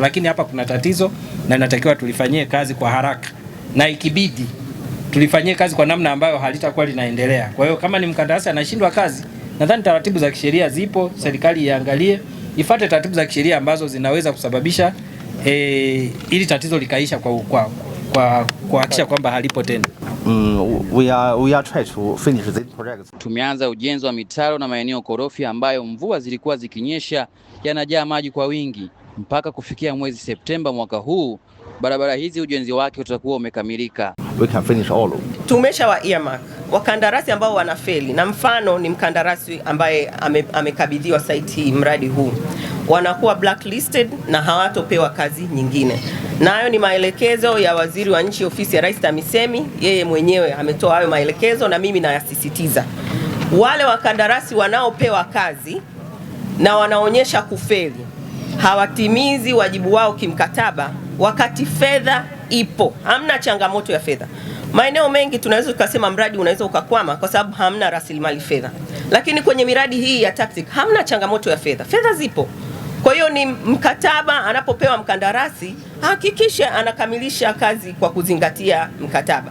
Lakini hapa kuna tatizo na inatakiwa tulifanyie kazi kwa haraka na ikibidi tulifanyie kazi kwa namna ambayo halitakuwa linaendelea. Kwa hiyo kama ni mkandarasi anashindwa kazi, nadhani taratibu za kisheria zipo, serikali iangalie, ifate taratibu za kisheria ambazo zinaweza kusababisha e, ili tatizo likaisha kwa kwa kwa kuhakikisha kwamba halipo tena. Mm, Tumeanza ujenzi wa mitaro na maeneo korofi ambayo mvua zilikuwa zikinyesha yanajaa maji kwa wingi mpaka kufikia mwezi Septemba mwaka huu barabara hizi ujenzi wake utakuwa umekamilika. We can finish all. Tumesha wa earmark wakandarasi ambao wanafeli, na mfano ni mkandarasi ambaye ame, amekabidhiwa saiti mradi huu, wanakuwa blacklisted na hawatopewa kazi nyingine, na hayo ni maelekezo ya waziri wa nchi ofisi ya Rais TAMISEMI. Yeye mwenyewe ametoa hayo maelekezo, na mimi nayasisitiza wale wakandarasi wanaopewa kazi na wanaonyesha kufeli hawatimizi wajibu wao kimkataba, wakati fedha ipo, hamna changamoto ya fedha. Maeneo mengi tunaweza tukasema mradi unaweza ukakwama kwa sababu hamna rasilimali fedha, lakini kwenye miradi hii ya TACTIC hamna changamoto ya fedha, fedha zipo. Kwa hiyo ni mkataba, anapopewa mkandarasi hakikisha anakamilisha kazi kwa kuzingatia mkataba.